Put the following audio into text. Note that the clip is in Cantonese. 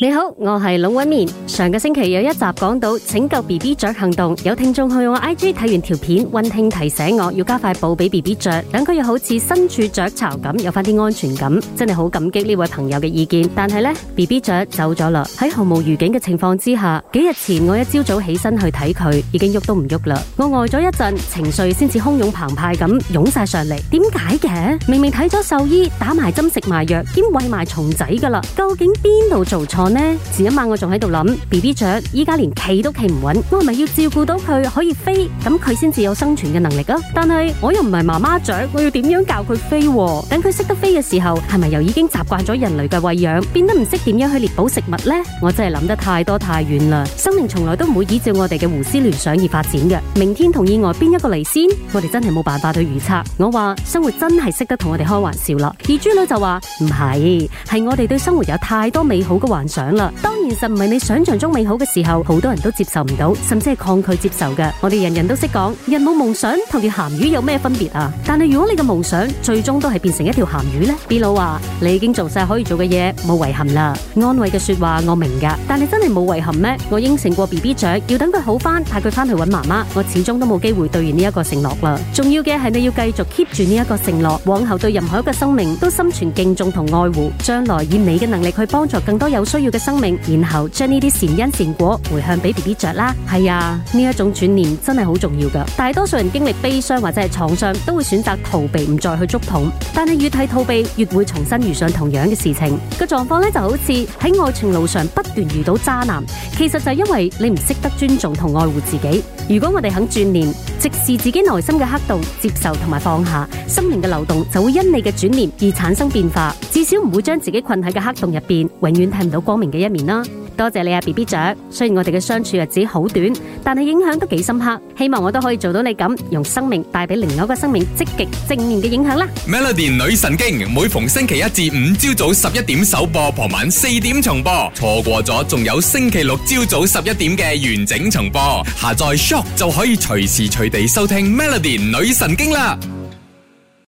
你好，我是龍紋敏。面上個星期有一集講到拯救 B B 雀行動，有聽眾去我 I G 睇完條片，溫馨提醒我要加快步俾 B B 雀，等佢又好似身處雀巢咁，有翻啲安全感。真係好感激呢位朋友嘅意見。但係呢 B B 雀走咗啦，喺毫無預警嘅情況之下，幾日前我一朝早起身去睇佢，已經喐都唔喐啦。我呆咗一陣，情緒先至洶湧澎湃咁湧晒上嚟。點解嘅？明明睇咗獸醫，打埋針，食埋藥，兼餵埋蟲仔噶啦。究竟邊度做錯？我呢？前一晚我仲喺度諗，B B 雀依家連企都企唔穩，我係咪要照顧到佢可以飛，咁佢先至有生存嘅能力啊？但係我又唔係媽媽雀，我要點樣教佢飛啊？等佢識得飛嘅時候，係咪又已經習慣咗人類嘅喂養，變得唔識點樣去獵捕食物呢？我真係諗得太多太遠啦！生命從來都唔會依照我哋嘅胡思亂想而發展嘅。明天同意外邊一個嚟先？我哋真係冇辦法去預測。我話生活真係識得同我哋開玩笑啦。而豬女就話唔係，係我哋對生活有太多美好嘅幻想。想啦，當現實唔係你想象中美好嘅時候，好多人都接受唔到，甚至係抗拒接受嘅。我哋人人都識講，人冇夢想同條鹹魚有咩分別啊？但係如果你嘅夢想最終都係變成一條鹹魚咧，B 老話、啊、你已經做晒可以做嘅嘢，冇遺憾啦。安慰嘅說話我明噶，但係真係冇遺憾咩？我應承過 BB 雀要等佢好翻，帶佢翻去搵媽媽，我始終都冇機會兌現呢一個承諾啦。重要嘅係你要繼續 keep 住呢一個承諾，往後對任何一個生命都心存敬重同愛護，將來以你嘅能力去幫助更多有需。要嘅生命，然後將呢啲善因善果回向俾 B B 着啦。係啊，呢一種轉念真係好重要噶。大多數人經歷悲傷或者係創傷，都會選擇逃避，唔再去捉痛。但係越睇，逃避，越會重新遇上同樣嘅事情。個狀況呢就好似喺愛情路上不斷遇到渣男，其實就係因為你唔識得尊重同愛護自己。如果我哋肯轉念，直視自己內心嘅黑洞，接受同埋放下，心靈嘅流動就會因你嘅轉念而產生變化。至少唔會將自己困喺嘅黑洞入邊，永遠睇唔到光。光明嘅一面啦，多謝你阿 BB 雀，雖然我哋嘅相處日子好短，但係影響都幾深刻，希望我都可以做到你咁，用生命帶俾另一個生命積極正面嘅影響啦。Melody 女神經每逢星期一至五朝早十一點首播，傍晚四點重播，錯過咗仲有星期六朝早十一點嘅完整重播，下載 Shock 就可以隨時隨地收聽 Melody 女神經啦。